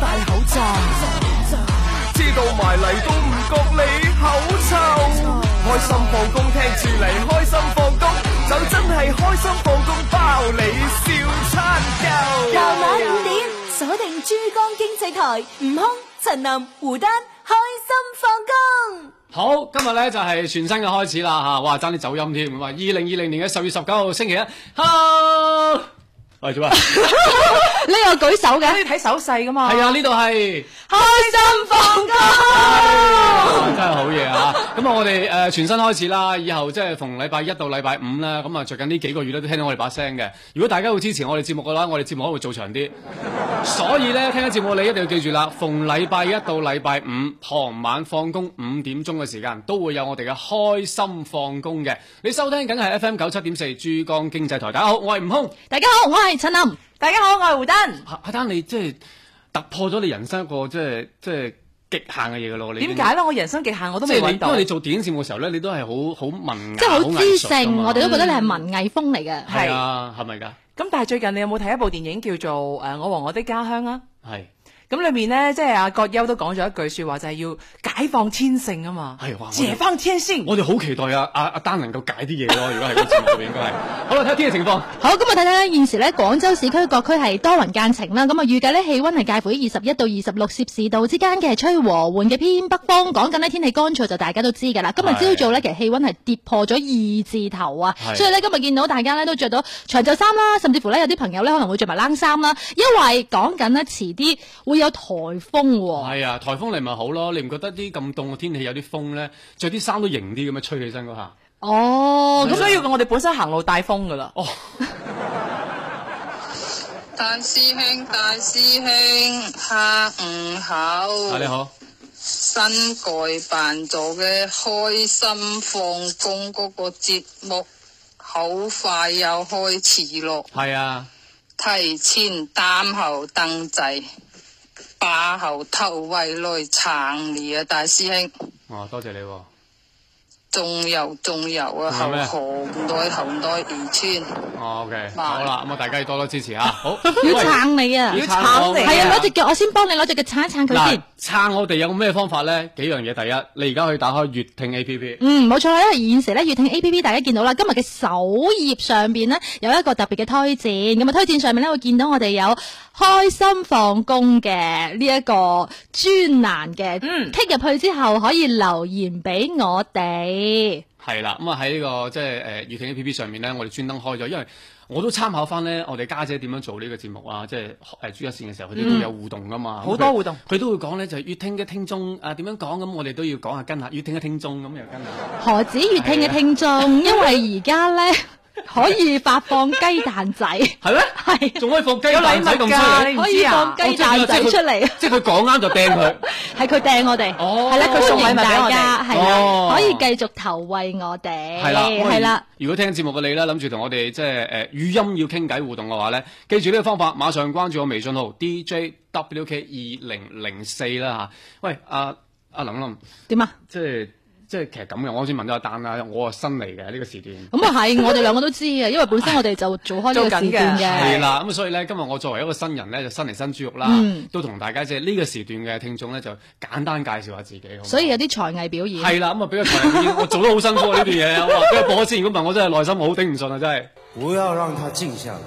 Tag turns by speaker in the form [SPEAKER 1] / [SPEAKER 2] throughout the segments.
[SPEAKER 1] 戴口罩，知道埋嚟都唔覺你口臭，開心放工。聽住嚟開心放工，就真係開心放工。包你笑餐鳩。傍晚五點，鎖定珠江經濟台。悟空、陳南、胡丹，開心放工。
[SPEAKER 2] 好，今日咧就係全新嘅開始啦，吓哇，爭啲走音添。話，二零二零年嘅十月十九號星期一
[SPEAKER 1] ，Hello。喂，做咩？呢個 舉手嘅，要睇你手勢噶嘛？係啊，呢
[SPEAKER 2] 度係開心放
[SPEAKER 1] 工，哎、真係
[SPEAKER 2] 好嘢啊！咁啊，我哋誒全新開始啦，以後即係逢禮拜一到禮拜五啦咁啊，最近呢幾個月咧都聽到我哋把聲嘅。如果大家會支持我哋節目嘅話，我哋節目可會做長啲。 所以咧，聽緊節目你一定要記住啦，逢禮拜一到禮拜五傍晚放工五點鐘嘅時間，都會有我哋嘅開心放工嘅。你收聽緊係 F M 九七點四珠江經濟台，大家好，我係悟空，
[SPEAKER 3] 大家好，我係。陳林，大家好，
[SPEAKER 2] 我係胡丹。阿丹，你即係突破咗你人生一個即係即係極限嘅嘢噶咯？你點解咧？我
[SPEAKER 1] 人生極限我都未揾到。因為你
[SPEAKER 2] 做電影節目嘅時候咧，你都係好好文藝，即係好知性。我哋都覺得你係
[SPEAKER 1] 文藝風嚟嘅。係、哎、啊，係咪噶？咁但係最近你有冇睇一部電影叫做《誒我和我的家鄉》啊？係。咁裏面呢，即係阿葛優都講咗一句說話，就係、是、要解放天性啊嘛，哎、解放天性。我
[SPEAKER 2] 哋好期待啊。阿、啊、阿、啊、丹能夠解啲嘢咯，如果係節目裏面應該係。 好啦，睇下天氣情況。
[SPEAKER 3] 好，咁啊睇睇咧，現時呢，廣州市區各區係多雲間晴啦。咁啊預計呢，氣溫係介乎於二十一到二十六攝氏度之間嘅，吹和緩嘅偏北風。講緊呢，天氣乾燥就大家都知噶啦。今日朝早呢，是其實氣溫係跌破咗二字頭啊，是所以呢，今日見到大家呢，都着到長袖衫啦，甚至乎呢，有啲朋友呢，可能會着埋冷衫啦，因為講緊呢，遲啲會有台風
[SPEAKER 2] 係、哦、啊！台風嚟咪好咯，你唔覺得啲咁凍嘅天氣有啲風咧，着啲衫都型啲咁樣吹起身嗰下
[SPEAKER 3] 哦。
[SPEAKER 1] 咁、啊、所以我哋本身行路帶風噶啦哦。
[SPEAKER 3] 大師兄，大師兄，下午好。你好。新蓋辦座嘅開心放工嗰個節目，好快又開始咯。係啊，提前擔後登仔。馬後頭圍來撐你啊，大師兄！哦，多謝你。仲有仲有啊，後代後代二千。
[SPEAKER 2] 啊、o、okay, k 嘛好啦，咁啊，大家要多多支持啊。好， 為要撐你啊，要撐你，係啊，攞隻
[SPEAKER 3] 腳，我先幫你攞隻腳撐一撐佢先。
[SPEAKER 2] 撐我哋有咩方法咧？幾樣嘢，第一，你而家可以打開粵聽 A P P。
[SPEAKER 3] 嗯，冇錯啦，因為現時咧，粵聽 A P P，大家見到啦，今日嘅首頁上邊咧有一個特別嘅推薦，咁啊，推薦上面咧會見到我哋有。開心放工嘅呢一個專欄嘅，嗯踢入去之後可以留言俾我哋。
[SPEAKER 2] 係啦，咁啊喺呢個即係誒悅聽 A P P 上面咧，我哋專登開咗，因為我都參考翻，咧，我哋家姐點樣做呢個節目啊，即係誒，珠一線嘅時候佢哋都有互動噶嘛，好、嗯、以多互動，佢都會講咧就係悅聽嘅聽眾啊點樣講，咁我哋都要講下跟下悅聽嘅聽眾，咁又跟
[SPEAKER 3] 何止悅聽嘅聽眾， 因為而家咧。 可以發放雞蛋仔，
[SPEAKER 2] 係咩？係，仲可以放雞蛋仔咁出嚟，可以放雞蛋仔出嚟。即係佢講啱就掟佢，
[SPEAKER 3] 係佢掟我哋。哦，係啦，佢送禮俾大家。我哋。可以繼續投餵我哋。係啦，係啦。
[SPEAKER 2] 如果聽節目嘅你咧，諗住同我哋即係誒語音要傾偈互動嘅話咧，記住呢個方法，馬上關注我微信號 D J W K 二零零四啦吓。喂，阿阿林林，點啊？即係。即係其實咁樣，我先問咗阿丹啦。我係新嚟嘅呢個時段。咁
[SPEAKER 3] 啊係，我哋兩個都知啊， 因為本身我哋就做開呢個時段嘅。係
[SPEAKER 2] 啦，咁所以咧，今日我作為一個新人咧，就新嚟新豬肉啦，嗯、都同大家即係呢個時段嘅聽眾咧，就簡單介紹一下自己。所
[SPEAKER 3] 以有啲才藝表演。係
[SPEAKER 2] 啦，咁啊，俾個才藝表演。 我做得好辛苦呢段嘢。俾個波先，如果問我真係內心好頂唔順啊，真係。不要讓他靜下來。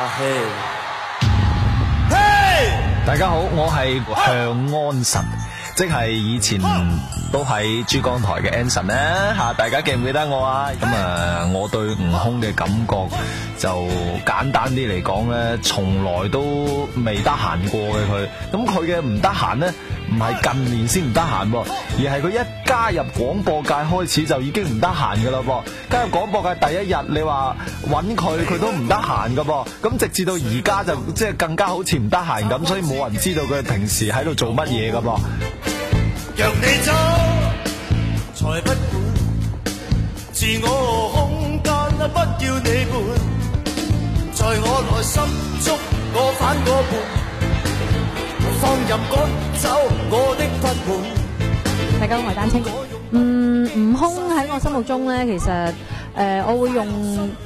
[SPEAKER 2] 阿嘿嘿！大家好，我係向安神。即係以前都喺珠江台嘅 Anson 咧、吓、大家記唔記得我啊？咁啊，我對悟空嘅感覺就簡單啲嚟講咧，從來都未得閒過嘅佢。咁佢嘅唔得閒咧。唔係近年先唔得閒喎，而係佢一加入廣播界開始就已經唔得閒㗎啦噃。加入廣播界第一日，你話揾佢佢都唔得閒㗎噃。咁直至到而家就即係更加好似唔得閒咁，所以冇人知道佢平時喺度做乜
[SPEAKER 1] 嘢㗎噃。
[SPEAKER 3] 大家好，我係丹青，嗯，悟空喺我心目中咧，其實誒、呃、我會用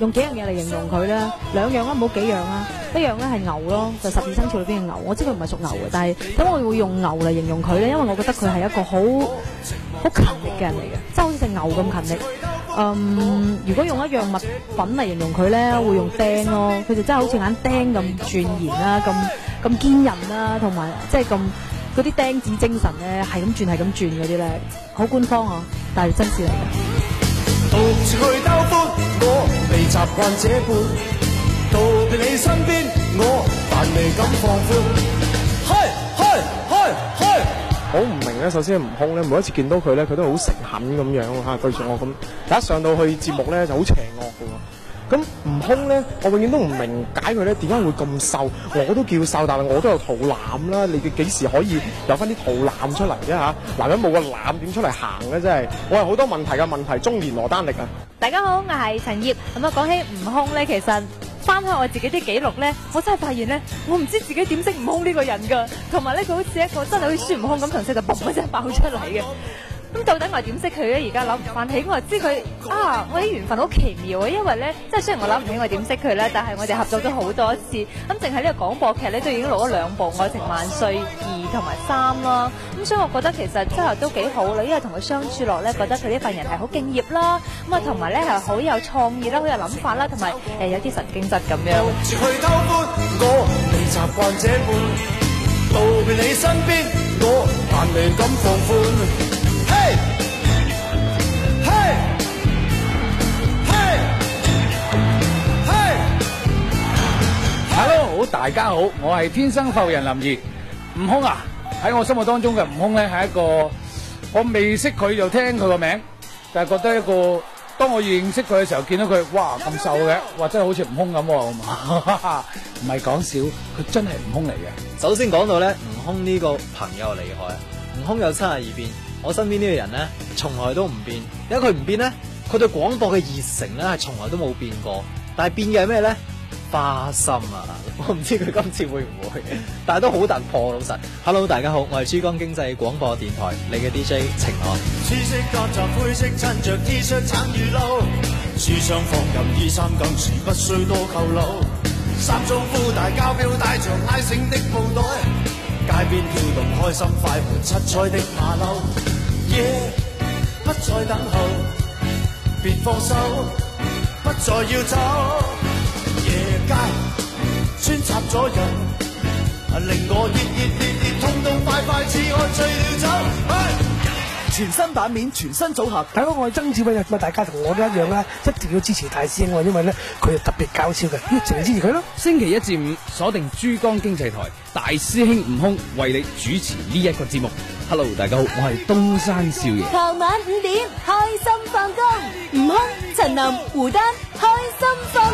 [SPEAKER 3] 用幾樣嘢嚟形容佢咧，兩樣啦、啊，唔好幾樣啦、啊，一樣咧係牛咯，就十二生肖裏邊嘅牛，我知佢唔係屬牛嘅，但係咁我會用牛嚟形容佢咧，因為我覺得佢係一個好好勤力嘅人嚟嘅，即係好似隻牛咁勤力。嗯，如果用一樣物品嚟形容佢咧，會用釘咯，佢就真係好似眼釘咁轉然啦，咁咁堅韌啊，同埋、哎啊、即係咁嗰啲釘子精神咧，係咁轉係咁轉嗰啲咧，好官方啊，但係真事嚟
[SPEAKER 1] 㗎。到你身
[SPEAKER 2] 好唔明咧，首先係悟空咧，每一次見到佢咧，佢都好誠懇咁樣、啊、據對住我咁。第一上到去節目咧，就好邪惡嘅喎。咁悟空咧，我永遠都唔明解佢咧點解會咁瘦，我都叫瘦，但係我都有肚腩啦。你哋幾時可以有翻啲肚腩出嚟啫嚇？嗱、啊，男人冇個腩點出嚟行咧？真係我係好多問題嘅問題。中
[SPEAKER 3] 年羅丹力啊！大家好，我係陳葉。咁啊，我講起悟空咧，其實。翻返我自己啲記錄咧，我真係發現咧，我唔知自己點識悟空呢個人噶，同埋咧，佢好似一個真係好似孫悟空咁強勢，就嘣一聲爆出嚟嘅。咁到底我係點識佢咧？而家諗唔翻起我道他，我知佢啊！我啲緣分好奇妙啊！因為咧，即係雖然我諗唔起我點識佢咧，但係我哋合作咗好多次，咁淨係呢個廣播劇咧都已經錄咗兩部《愛情萬歲二》同埋三啦。咁所以我覺得其實真係都幾好啦，因為同佢相處落咧，覺得佢呢份人係好敬業啦，咁啊同埋咧係好有創意啦，好有諗法啦，同埋誒有啲神經質咁樣。
[SPEAKER 2] 到大家好，我係天生秀人林儀。悟空啊，喺我心目當中嘅悟空咧，係一個我未識佢就聽佢個名，就係覺得一個。當我認識佢嘅時候，見到佢，哇，咁瘦嘅，哇，真係好似悟空咁，唔係講笑，佢真係悟空嚟嘅。
[SPEAKER 1] 首先講到咧，悟空呢個朋友厲害。悟空有七十二變，我身邊呢個人咧，從來都唔變。因為佢唔變咧，佢對廣播嘅熱誠咧，係從來都冇變過。但係變嘅係咩咧？花心啊，我唔知佢今次會唔會，但係都好突破老實。Hello 大家好，我係珠江經濟廣播電台你嘅 DJ 程
[SPEAKER 2] 海。灰色襯着 T 恤，橙雨路，書廂放任衣衫咁時不需多扣三種褲，大交表帶着拉繩的部袋街邊跳動開心
[SPEAKER 1] 快活七彩的馬騮耶，不再等候別放手不再要走穿插咗人令我痛痛快快，似
[SPEAKER 2] 醉酒。全新版面，全新組合，大家好，我係曾志偉啊！咁啊，大家同我都一樣咧，一定要支持大師兄因為咧，佢係特別搞笑嘅，一定支持佢咯。星期一至五鎖定珠江經濟台，大師兄悟空為你主持呢一個
[SPEAKER 3] 節目。Hello，大家好，我係東山少爺。
[SPEAKER 1] 傍晚五點，開心放工。悟空、陳林、胡丹，開心放。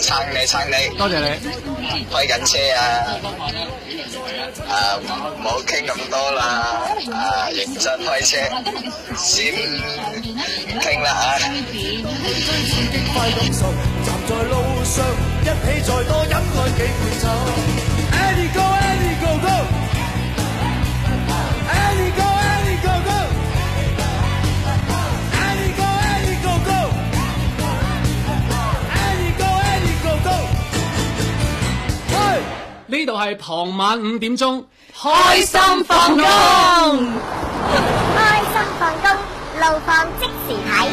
[SPEAKER 1] 撐你撐你，撐你多謝你。
[SPEAKER 3] 開緊車啊，啊，唔好傾咁多啦，啊，認真開車。閃不，傾啦
[SPEAKER 1] 嚇。
[SPEAKER 2] 係傍晚五點鐘，開心放工，開心放
[SPEAKER 1] 工，路況即時睇。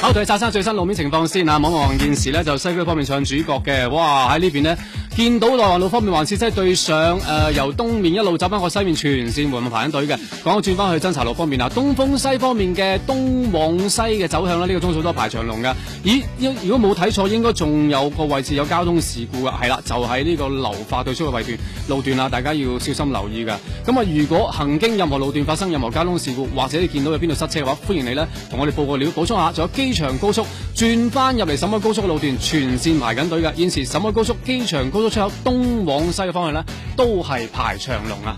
[SPEAKER 1] 好，
[SPEAKER 2] 對，我哋刷新最新路面情況先啊！望一望現時咧就西區方面唱主角嘅，哇喺呢邊咧。見到內環路方面還是即係對上誒、呃，由東面一路走翻過西面全線冇咁排緊隊嘅。講轉翻去增槎路方面啦，東風西方面嘅東往西嘅走向咧，呢、這個鐘數都排長龍㗎。咦，如果冇睇錯，應該仲有個位置有交通事故噶。係啦，就喺、是、呢個流化對出嘅位段路段啦，大家要小心留意噶。咁啊，如果行經任何路段發生任何交通事故，或者你見到有邊度塞車嘅話，歡迎你呢同我哋報個料補充下。仲有機場高速轉翻入嚟沈海高速嘅路段，全線排緊隊嘅。現時沈海高速、機場高都出口東往西嘅方向咧，都係排長龍啊！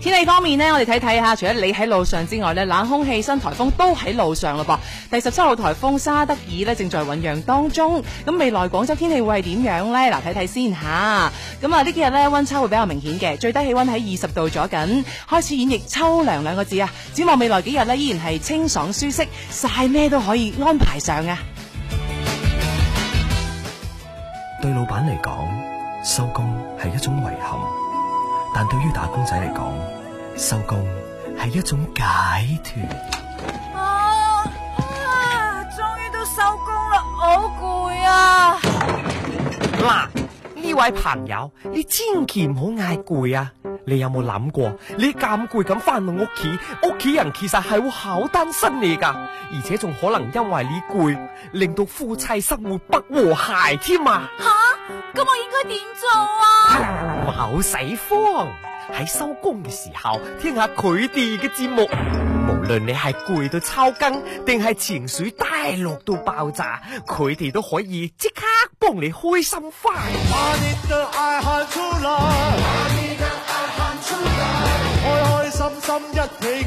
[SPEAKER 1] 天氣方面咧，我哋睇睇下，除咗你喺路上之外咧，冷空氣新台風都喺路上咯噃。第十七號台風沙德爾咧正在醞釀當中。咁未來廣州天氣會係點樣呢？嗱，睇睇先吓。咁啊，呢幾日咧温差會比較明顯嘅，最低氣溫喺二十度左右，開始演繹秋涼兩個字啊！展望未來幾日咧，依然係清爽舒適，晒咩都可以安排上啊！對老闆嚟講，收工係一種遺憾；但對於打工仔嚟講，收工係一種解脫啊。
[SPEAKER 3] 啊，終於都收工啦，好攰啊！
[SPEAKER 2] 嗱、啊，呢位朋友，你千祈唔好嗌攰啊！你有冇諗過？你咁攰咁翻到屋企，屋企人其實係會好擔心你噶，而且仲可能因為你攰，令到夫妻生活不和諧添啊！吓、
[SPEAKER 1] 啊，咁我應該點做啊？
[SPEAKER 2] 唔好使慌，喺收工嘅時候聽下佢哋嘅節目，無論你係攰到抽筋，定係情緒低落到爆炸，佢哋都可以即刻幫你開心
[SPEAKER 1] 翻。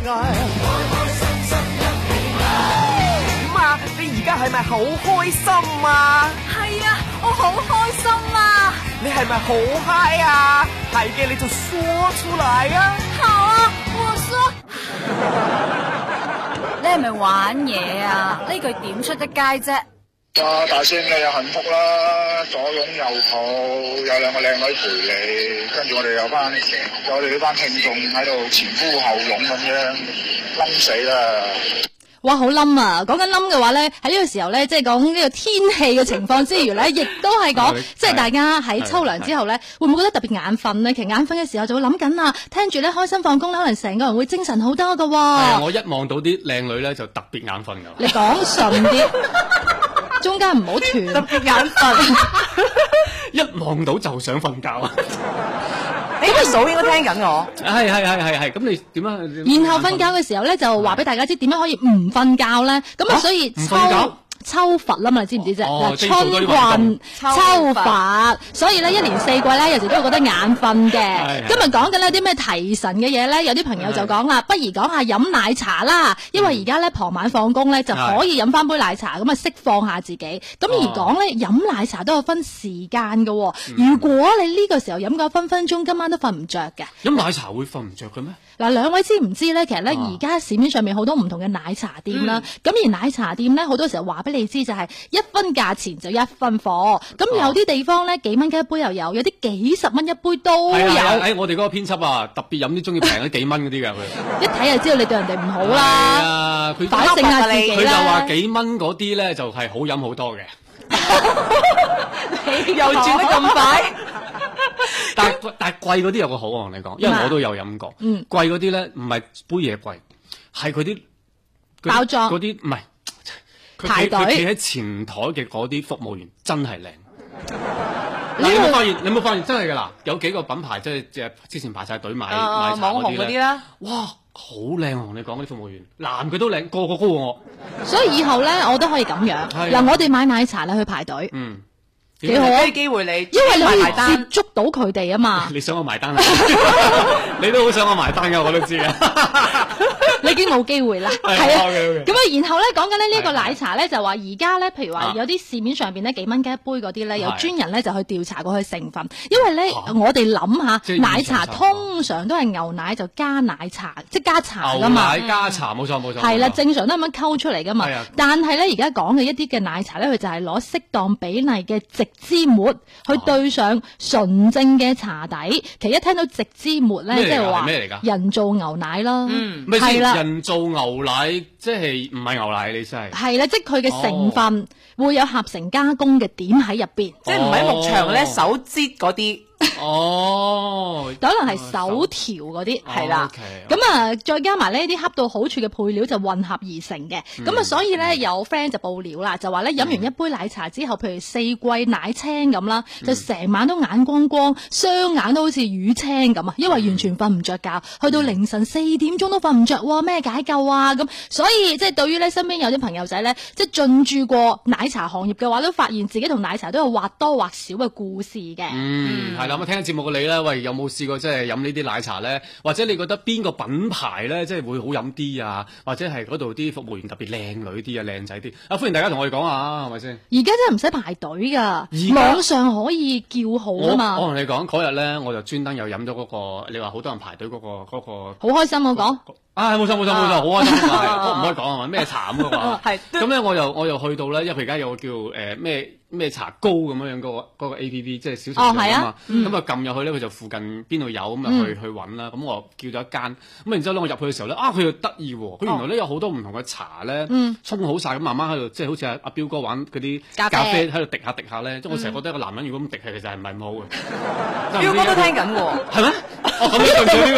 [SPEAKER 1] 咁啊、哎，你而家係咪好開心啊？係啊，我好開心啊！你係咪好嗨啊？係嘅，你就說出嚟啊！
[SPEAKER 3] 好啊，我說。 你係咪玩嘢啊？呢 句點出得街啫？
[SPEAKER 1] 哇、啊！大孫你又幸福啦，左擁右抱，有兩個靚女陪你，跟住我哋有班，有我哋呢班聽眾喺度前呼後擁咁樣冧死啦！
[SPEAKER 3] 哇，好冧啊！講緊冧嘅話咧，喺呢個時候咧，即係講呢個天氣嘅情況之餘咧，亦 都係講即係大家喺秋涼之後咧， 會唔會覺得特別眼瞓呢？ 其實眼瞓嘅時候就會諗緊啊，聽住咧開心放工咧，可能成個人會精神好多噶、哦。
[SPEAKER 2] 我一望到啲靚女咧，就特別眼瞓噶。你
[SPEAKER 3] 講順啲。 中間唔好斷，特別眼瞓，
[SPEAKER 2] 一望到就想瞓覺啊！你
[SPEAKER 3] 應該數應該聽緊我，
[SPEAKER 2] 係係係係係，咁你點樣？然後瞓覺
[SPEAKER 3] 嘅時候咧，就話俾大家知點樣可以唔瞓覺咧？咁啊，所以抽。秋乏啦嘛，你知唔知啫？嗱，春困秋乏，所以咧一年四季咧，有時都會覺得眼瞓嘅。今日講緊呢啲咩提神嘅嘢咧，有啲朋友就講啦，不如講下飲奶茶啦，因為而家咧傍晚放工咧就可以飲翻杯奶茶，咁啊釋放下自己。咁而講咧飲奶茶都有分時間嘅，如果你呢個時候飲嘅分分鐘今晚都瞓唔着嘅。飲奶
[SPEAKER 2] 茶會瞓唔着
[SPEAKER 3] 嘅咩？嗱，兩位知唔知咧？其實咧而家市面上面好多唔同嘅奶茶店啦，咁而奶茶店咧好多時候話畀。你知就係一分價錢就一分貨，咁有啲地方咧幾蚊雞一杯又有，有啲幾十蚊一杯都有。啊、
[SPEAKER 2] 哎，我哋嗰個編輯啊，特別飲啲中意平咗幾蚊嗰啲嘅佢。
[SPEAKER 3] 一睇就知道你對人哋唔好啦。啊，
[SPEAKER 2] 佢反正下自己佢就話幾蚊嗰啲咧就係好飲好多嘅。你
[SPEAKER 3] 又轉得咁
[SPEAKER 1] 快？
[SPEAKER 2] 但但係貴嗰啲有個好我同你講，因為我都有飲過。貴嗰啲咧唔係杯嘢貴，係佢啲包裝嗰啲唔係。排隊，企喺前台嘅嗰啲服務員真係靚。你，去你有冇發現？去你冇發現真係噶啦？有幾個品牌即係即係之前排晒隊買、呃、買網紅嗰啲
[SPEAKER 3] 啦。哇，
[SPEAKER 2] 好靚、啊！我同你講嗰啲服務員，男佢都靚，個個，個高過我。
[SPEAKER 3] 所以以後咧，我都可以咁樣。嗱、啊，我哋買奶茶咧，去排隊。嗯，幾好、啊。機會你，因為你可以接觸到佢哋啊嘛。
[SPEAKER 2] 你想我埋單啊？ 你都好想我埋單噶，我都知啊。
[SPEAKER 3] 已經冇機會啦，係啊，咁啊，然後咧講緊咧呢個奶茶咧就話而家咧，譬如話有啲市面上邊咧幾蚊雞一杯嗰啲咧，有專人咧就去調查過佢成分，因為咧我哋諗下，奶茶通常都係牛奶就加奶茶，即係加茶噶嘛，牛奶加
[SPEAKER 2] 茶冇錯冇錯，係啦，正
[SPEAKER 3] 常都係咁樣溝出嚟噶嘛，但係咧而家講嘅一啲嘅奶茶咧，佢就係攞適當比例嘅植脂末去對上純正嘅茶底，其實一聽到植脂末咧，即係話咩嚟噶人造牛奶咯，係啦。
[SPEAKER 2] 做牛奶，即係唔係牛奶？你真係係啦，即係佢
[SPEAKER 3] 嘅成分會有合成加工嘅點喺入邊，oh. 即係唔喺牧場咧，oh. 手
[SPEAKER 1] 擠嗰啲。 哦，可能係
[SPEAKER 3] 手調嗰啲係啦，咁啊再加埋呢啲恰到好處嘅配料就混合而成嘅，咁啊、嗯、所以呢，有 friend 就報料啦，就話呢，飲、嗯、完一杯奶茶之後，譬如四季奶青咁啦，嗯、就成晚都眼光光，雙眼都好似乳青咁啊，因為完全瞓唔着覺，嗯、去到凌晨四點鐘都瞓唔着，咩解救啊咁，所以即係、就是、對於呢身邊有啲朋友仔呢，即係進駐過奶茶行業嘅話，都發現自己同奶茶都有或多或少嘅故事嘅。
[SPEAKER 2] 嗯，係啦、嗯。聽節目嘅你咧，喂，有冇試過即係飲呢啲奶茶咧？或者你覺得邊個品牌咧，即係會好飲啲啊？或者係嗰度啲服務員特別靚女啲啊，靚仔啲啊？歡迎大家同我哋講啊，係咪先？
[SPEAKER 3] 而家真係唔使排隊噶，下網上可以叫號啊嘛。我我同
[SPEAKER 2] 你講，嗰日咧，我就專登又飲咗嗰個，你話好多人排隊嗰個、那個嗰個。好、
[SPEAKER 3] 那個、開心我、啊、講。那啊，冇錯，冇
[SPEAKER 2] 錯，冇錯，好開心啊！我唔可以講啊嘛，咩茶咁嘅話，咁咧我又我又去到咧，因為而家有個叫誒咩咩茶膏咁樣樣個嗰個 A P P，即係小程序啊嘛。咁啊撳入去咧，佢就附近邊度有咁啊去去揾啦。咁我叫咗一間咁然之後我入去嘅時候咧啊，佢又得意喎！佢原來咧有好多唔同嘅茶咧，沖好晒咁慢慢喺度，即係好似阿阿彪哥玩嗰啲咖啡喺度滴下滴下咧。即我成日覺得一個男人如果咁滴，其實係唔係唔好嘅。
[SPEAKER 3] 彪
[SPEAKER 2] 哥都聽緊喎，
[SPEAKER 3] 係咩？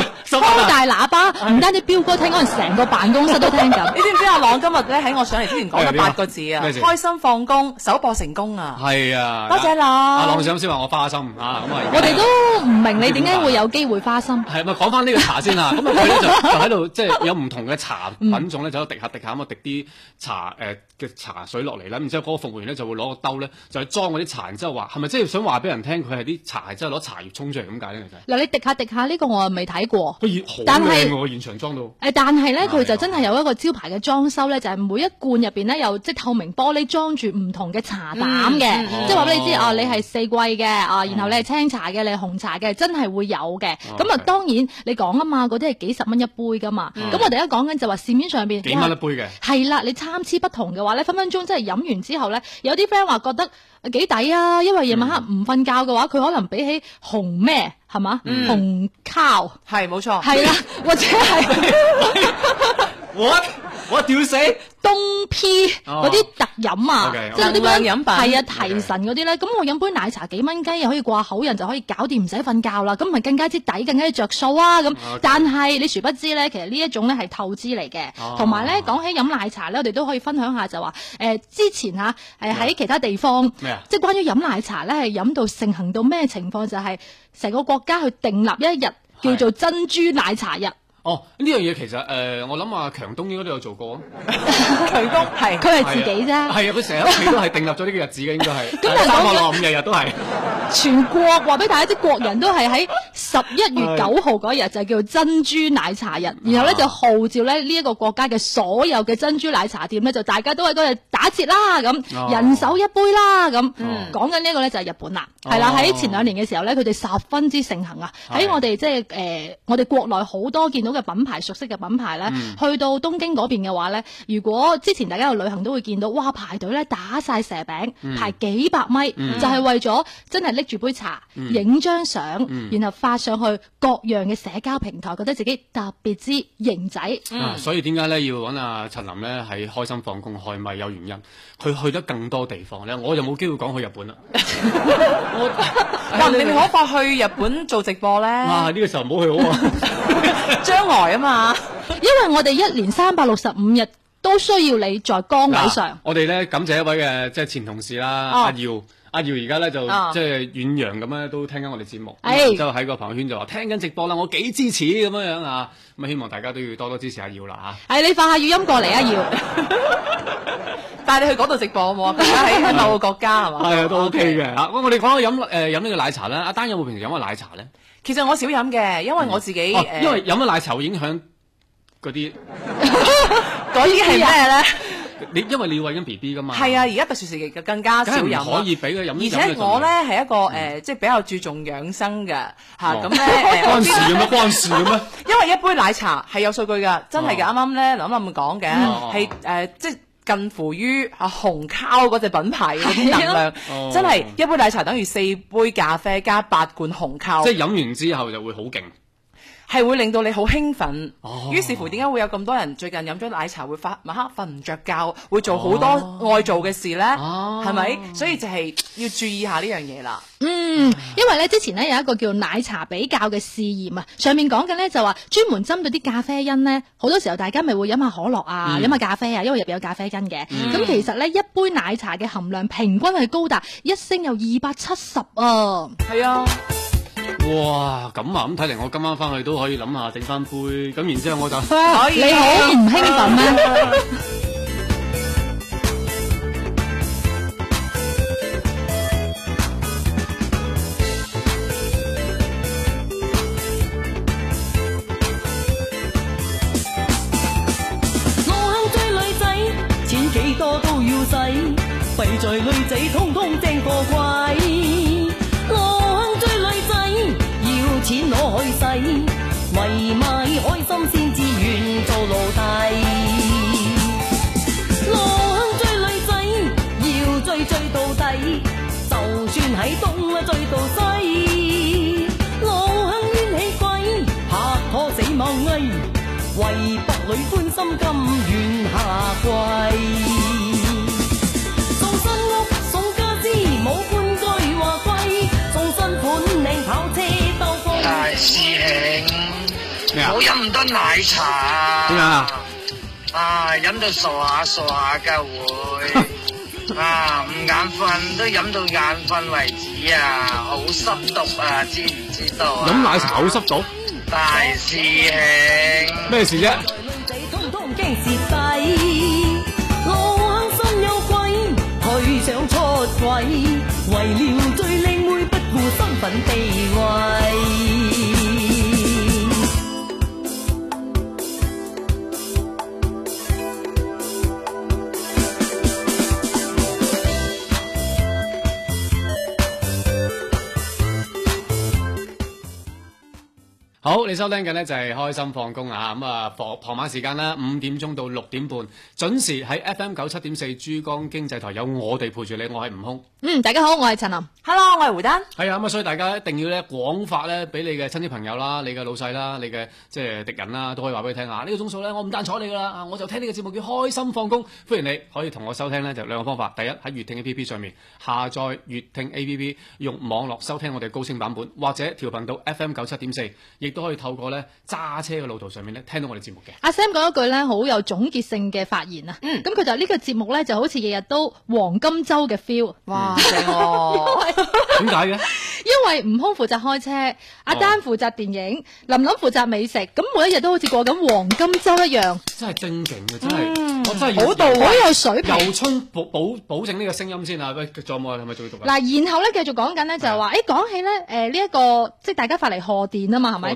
[SPEAKER 3] 呢度放大喇叭，唔單止彪。我都聽講，成個辦公室都聽緊。你知唔知阿朗今日咧喺我上嚟之前
[SPEAKER 1] 講咗八個字啊？開心放工，首播成功啊！
[SPEAKER 2] 係啊，多謝啦。阿朗想先話我花心嚇咁啊！我哋
[SPEAKER 3] 都唔明你點解會有機會花心。
[SPEAKER 2] 係咪講翻呢個茶先啊？咁啊，佢咧就就喺度即係有唔同嘅茶品種咧，就滴下滴下咁啊，滴啲茶誒嘅茶水落嚟咧。然之後嗰個服務員咧就會攞個兜咧就去裝嗰啲茶，然之後話係咪即係想話俾人聽佢係啲茶之後攞茶葉沖出嚟咁解咧？其
[SPEAKER 3] 實嗱，你滴下滴下呢個我係未睇過，但係我
[SPEAKER 2] 現場裝到。
[SPEAKER 3] 誒，但係咧，佢就真係有一個招牌嘅裝修咧，就係、是、每一罐入邊咧有即係透明玻璃裝住唔同嘅茶膽嘅，即係話俾你知哦，你係、哦啊、四季嘅啊，哦、然後你係清茶嘅，哦、你係紅茶嘅，真係會有嘅。咁啊、哦，就當然是你講啊嘛，嗰啲係幾十蚊一杯噶嘛。咁、嗯、我哋而家講緊就話市面上邊幾蚊一杯嘅係啦，你參差不同嘅話咧，分分鐘真係飲完之後咧，有啲 friend 話覺得幾抵啊，因為夜晚黑唔瞓覺嘅話，佢、嗯、可能比起紅咩？係嘛？同靠係冇錯，係啦、嗯，或者係。我我屌死東 P 嗰啲特飲啊，即係啲咩係啊提神嗰啲咧？咁 Okay. 我飲杯奶茶幾蚊雞，又可以掛口人，就可以搞掂，唔使瞓覺啦。咁咪更加之抵，更加之着數啊！咁 Okay. 但係你殊不知咧，其實呢一種咧係透支嚟嘅，同埋咧講起飲奶茶咧，我哋都可以分享下就話誒、呃，之前吓誒喺其他地方，啊、即係關於飲奶茶咧係飲到盛行到咩情況？就係、是、成個國家去訂立一日叫做珍珠奶茶日。
[SPEAKER 2] 哦，呢樣嘢其實誒、呃，我諗阿強東應該都有做過
[SPEAKER 3] 啊。強 東係佢係自己啫，係啊，
[SPEAKER 2] 佢成日屋企都係訂立咗呢個日子嘅，應該係。咁我、 嗯。三個落五日日都係。
[SPEAKER 3] 全國話俾大家知，國人都係喺十一月九號嗰日就叫做珍珠奶茶日，然後咧就號召咧呢一個國家嘅所有嘅珍珠奶茶店咧，就大家都喺嗰日打折啦，咁人手一杯啦，咁講緊呢個咧就係日本啦，係、哦、啦喺前兩年嘅時候咧，佢哋十分之盛行啊，喺我哋即係誒、呃，我哋國內好多見到嘅品牌熟悉嘅品牌咧，去到東京嗰邊嘅話咧，如果之前大家去旅行都會見到，哇排隊咧打晒蛇餅，排幾百米，就係、是、為咗真係。拎住杯茶，影張相，嗯嗯、然後發上去各樣嘅社交平台，覺得自己特別之型仔。嗯、啊，所
[SPEAKER 2] 以點解咧要搵阿、啊、陳林咧喺開心放工開咪有原因？佢去得更多地方咧，我就冇機會講去日本啦。
[SPEAKER 1] 我你未可發去日本做直播咧？啊、呢、這
[SPEAKER 2] 個時候唔好去好、啊、 來嘛。
[SPEAKER 1] 將
[SPEAKER 3] 來啊嘛，因為我哋一年三百六十五日都需要你在崗位上。
[SPEAKER 2] 啊、我哋咧感謝一位嘅即係前同事啦，阿耀、哦。啊阿耀而家咧就即係遠洋咁咧都聽緊我哋節目，咁就喺個朋友圈就話聽緊直播啦，我幾支持咁樣樣啊！咁希望大家都要多多支持阿耀啦
[SPEAKER 3] 嚇。誒，你發下語音過嚟啊，耀，
[SPEAKER 1] 帶你去嗰度直播好冇？好喺邊度國家係嘛？
[SPEAKER 2] 係啊，都 OK 嘅嚇。喂，我哋講下飲誒飲呢個奶茶咧，阿丹有冇平時飲過奶茶咧？
[SPEAKER 1] 其實我少飲嘅，因為我自己因為飲咗奶
[SPEAKER 2] 茶會影響嗰啲，
[SPEAKER 1] 嗰啲係咩咧？
[SPEAKER 2] 你因為你要餵緊 B B 噶嘛？係啊，
[SPEAKER 1] 而家特殊時期更加少可以
[SPEAKER 2] 飲咯。而且我咧
[SPEAKER 1] 係一個誒，即係比較注重養生嘅嚇，咁咧誒。關事嘅
[SPEAKER 2] 咩？關事咁咩？
[SPEAKER 1] 因為一杯奶茶係有數據㗎，真係嘅。啱啱咧諗諗講嘅係誒，即係近乎於啊紅咖嗰隻品牌嗰啲能量，真係一杯奶茶等於四杯咖啡加八罐紅咖。即係飲
[SPEAKER 2] 完之後就會好勁。
[SPEAKER 1] 係會令到你好興奮，於、哦、是乎點解會有咁多人最近飲咗奶茶會發晚黑瞓唔着覺，會做好多愛做嘅事呢？係咪、哦哦？所以就係要注意下呢樣嘢啦。嗯，
[SPEAKER 3] 因為呢之前呢有一個叫奶茶比較嘅試驗啊，上面講緊呢就話專門針對啲咖啡因呢，好多時候大家咪會飲下可樂啊，飲、嗯、下咖啡啊，因為入邊有咖啡因嘅。咁、嗯嗯、其實呢一杯奶茶嘅含量平均係高達一升有二百七十啊。係啊。
[SPEAKER 2] 哇，咁啊，咁睇嚟，我今晚翻去都可以諗下整翻杯，咁然之後我就，Hey 啊、
[SPEAKER 3] 你好唔興奮咩？
[SPEAKER 1] 路向追女仔，錢幾多都要使，弊在女仔，通通正過怪。飲唔多奶茶啊！啊，飲到傻下傻下噶
[SPEAKER 2] 會，啊唔眼瞓都飲到眼瞓為止啊，好
[SPEAKER 1] 濕毒啊，
[SPEAKER 2] 知唔
[SPEAKER 1] 知道？飲奶茶好濕毒？大師兄！咩事啫？
[SPEAKER 2] 好，你收聽緊嘅呢就係開心放工啊！咁啊，傍晚時間啦，五點鐘到六點半，準時喺 F M 九七點四珠江經濟台有我哋陪住你，我係悟空。
[SPEAKER 3] 嗯，大家好，我係陳林。Hello，我係胡丹。
[SPEAKER 2] 係啊，咁啊，所以大家一定要咧廣發咧，俾你嘅親戚朋友啦、你嘅老細啦、你嘅即係敵人啦，都可以話俾佢聽下。呢、啊這個鐘數咧，我唔贊助你噶啦，我就聽呢個節目叫開心放工。歡迎你可以同我收聽呢就兩個方法：第一，喺悅聽 A P P 上面下載悅聽 A P P，用網絡收聽我哋高清版本；或者調頻到 F M 九七點四，亦。都可以透過咧揸車嘅路途上面咧聽到我哋節目嘅。
[SPEAKER 3] 阿 Sam 講一句咧，好有總結性嘅發言啊！嗯，咁佢就呢個節目咧，就好似日日都黃金週嘅 feel。哇！
[SPEAKER 2] 點解嘅？
[SPEAKER 3] 因為悟空負責開車，阿丹負責電影，琳琳負責美食，咁每一日都好似過緊黃金週一樣。
[SPEAKER 2] 真係正勁嘅，真係！我真係要好到位，好有水平。又充保保保證呢個聲音先啊！喂，再冇係咪仲要讀啊？嗱，
[SPEAKER 3] 然後咧繼續講緊咧就係話，誒講起咧誒呢一個，即係大家發嚟賀電啊嘛，係咪？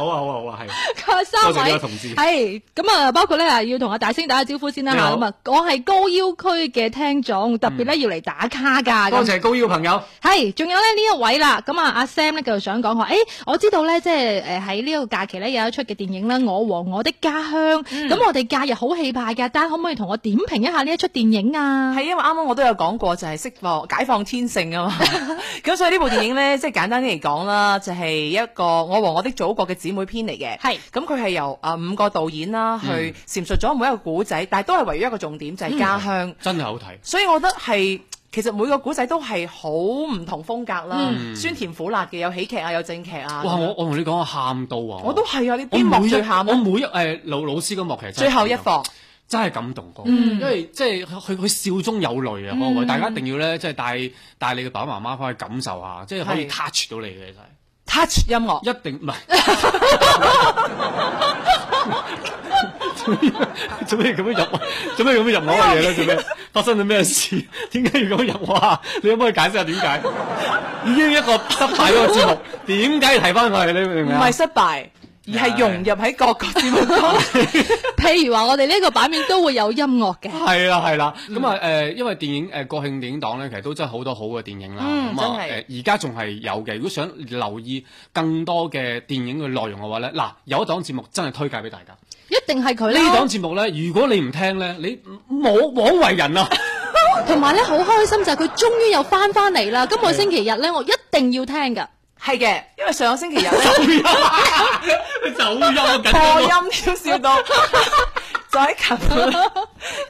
[SPEAKER 3] 好啊好啊好啊，係，三位謝謝同志。係咁啊，包括咧啊，要同阿大星打下招呼先啦嚇。咁啊好，我係高要區嘅聽眾，特別咧要嚟打卡㗎。多、嗯、那謝,謝高要朋友。係，仲有咧呢一位啦。咁啊呢，阿 Sam 咧就想講話，誒我知道咧，即係誒喺呢個假期咧有一出嘅電影啦，《我和我的家鄉》嗯。咁我哋假日好氣派㗎，但可唔可以同我點評一下呢一出電影啊？係因為啱啱我都有講過，就係釋放解放天性啊嘛。
[SPEAKER 1] 咁 所以呢部電影咧，即係簡單啲嚟講啦，就係、是、一個我和我的祖國嘅每片嚟嘅，係咁佢係由啊五個導演啦去闡述咗每一個古仔，但係都係圍繞一個重點就係家鄉，
[SPEAKER 2] 真係好睇。所
[SPEAKER 1] 以我覺得係其實每個古仔都係好唔同風格啦，酸甜苦辣嘅，有喜劇啊，有正劇啊。哇！我
[SPEAKER 2] 我同你講，我喊到啊！我都
[SPEAKER 1] 係啊，你邊幕最
[SPEAKER 2] 喊？我每一誒老老師嘅幕，其實最後一幕真係感動過，因為即係佢佢笑中有淚啊！各位大家一定要咧，即係帶帶你嘅爸爸媽媽返去感受下，即係可以 touch 到你嘅真係。Touch 音樂一定唔係，做咩做咩咁樣入，做咩咁樣入講嘢咧？做咩發生咗咩事？點解要咁樣入我啊！你可唔可以解釋下點解？ 已經一個失敗咗嘅節目，點解要提翻佢？你明唔明？唔係
[SPEAKER 1] 失敗。而係融入喺各個
[SPEAKER 3] 節目當中，譬 如話我哋呢個版面都會有音樂嘅。 係
[SPEAKER 2] 啦，係啦，嗯，咁啊誒，因為電影誒、呃、國慶電影檔咧，其實都真係好多好嘅電影啦。嗯，後真係而家仲係有嘅。如果想留意更多嘅電影嘅內容嘅話咧，嗱有一檔節目真係推介俾大家，
[SPEAKER 3] 一定係佢啦。呢檔
[SPEAKER 2] 節目咧，如果你唔聽咧，你冇枉為人啊 呢！
[SPEAKER 3] 同埋咧，好開心就係佢終於又翻翻嚟啦！今個星期日咧，是的 我一定要聽㗎。係嘅，因為上個星期日呢走
[SPEAKER 1] 音，走音緊播音少少，笑到。就喺琴日，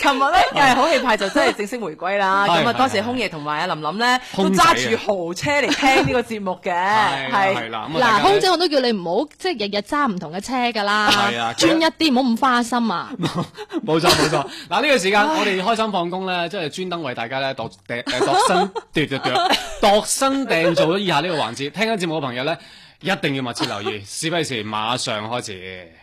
[SPEAKER 1] 琴日咧又係好氣派，就真係正式回歸啦。咁啊， 多謝空爺同埋阿林琳咧，都揸住豪車嚟聽個節 呢
[SPEAKER 3] 個節目嘅。
[SPEAKER 1] 係係啦，嗱，空姐我
[SPEAKER 3] 都叫你唔好，即係日日揸唔同嘅車噶啦，專一啲，唔好咁花心啊。
[SPEAKER 2] 冇錯冇錯，嗱呢、 啊這個時間 我哋開心放工咧，即係專登為大家咧度度身，度度度，度身訂做咗以下呢個環節。聽緊節目嘅朋友咧，一定要密切留意，事不宜遲馬上開始。